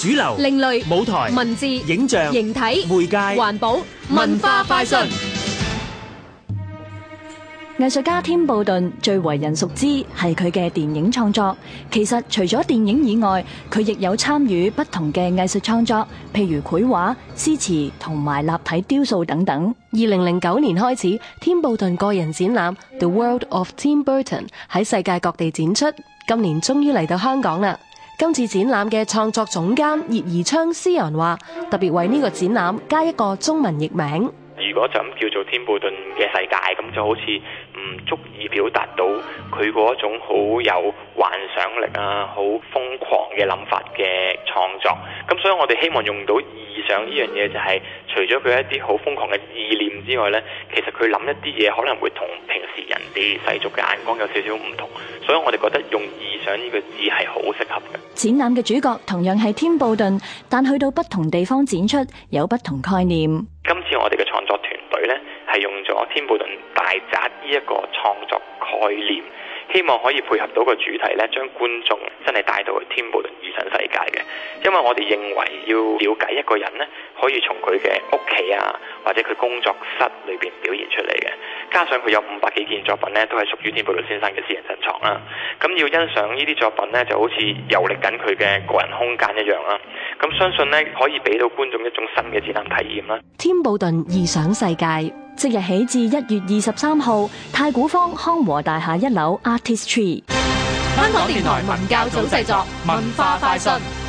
主流、另類舞台、文字、影像、形體、媒介、環保、文化快訊。藝術家添布頓最為人熟知係佢嘅電影創作，其實除咗電影以外，佢亦有參與不同嘅藝術創作，譬如繪畫、詩詞同埋立體雕塑等等。二零零九年開始，添布頓個人展覽 The World of Tim Burton 喺世界各地展出，今年終於嚟到香港啦。今次展覽嘅創作總監葉宜昌私人話，特別為呢個展覽加一個中文譯名。如果就咁叫做《添布頓嘅世界》，咁就好似唔足以表達到佢嗰種好有幻想力啊、好瘋狂嘅諗法嘅創作。咁所以我哋希望用到意想呢樣嘢，就係除咗佢一啲好瘋狂嘅意念之外呢，其實佢諗一啲嘢可能會同平時人哋世俗嘅眼光有少少唔同。所以我哋覺得用意想呢個字係好適合。展覽嘅主角同樣係天布頓，但去到不同地方展出有不同概念。今次我哋嘅創作團隊咧，係用咗天布頓大宅呢一個創作概念，希望可以配合到個主題咧，將觀眾真係帶到去天布頓二神世界嘅。因為我哋認為要了解一個人呢，可以從佢嘅屋企啊，或者佢工作室裏邊表現出嚟嘅。加上佢有五百幾件作品呢，都係屬於天保頓先生嘅私人珍藏啦。咁要欣賞呢啲作品呢，就好似遊歷緊佢嘅個人空間一樣啦。咁相信呢，可以俾到觀眾一種新嘅展覽體驗啦。天保頓異想世界，即日起至一月二十三號，太古坊康和大廈一樓 ArtisTree。香港電台文教組製作，作，文化快訊。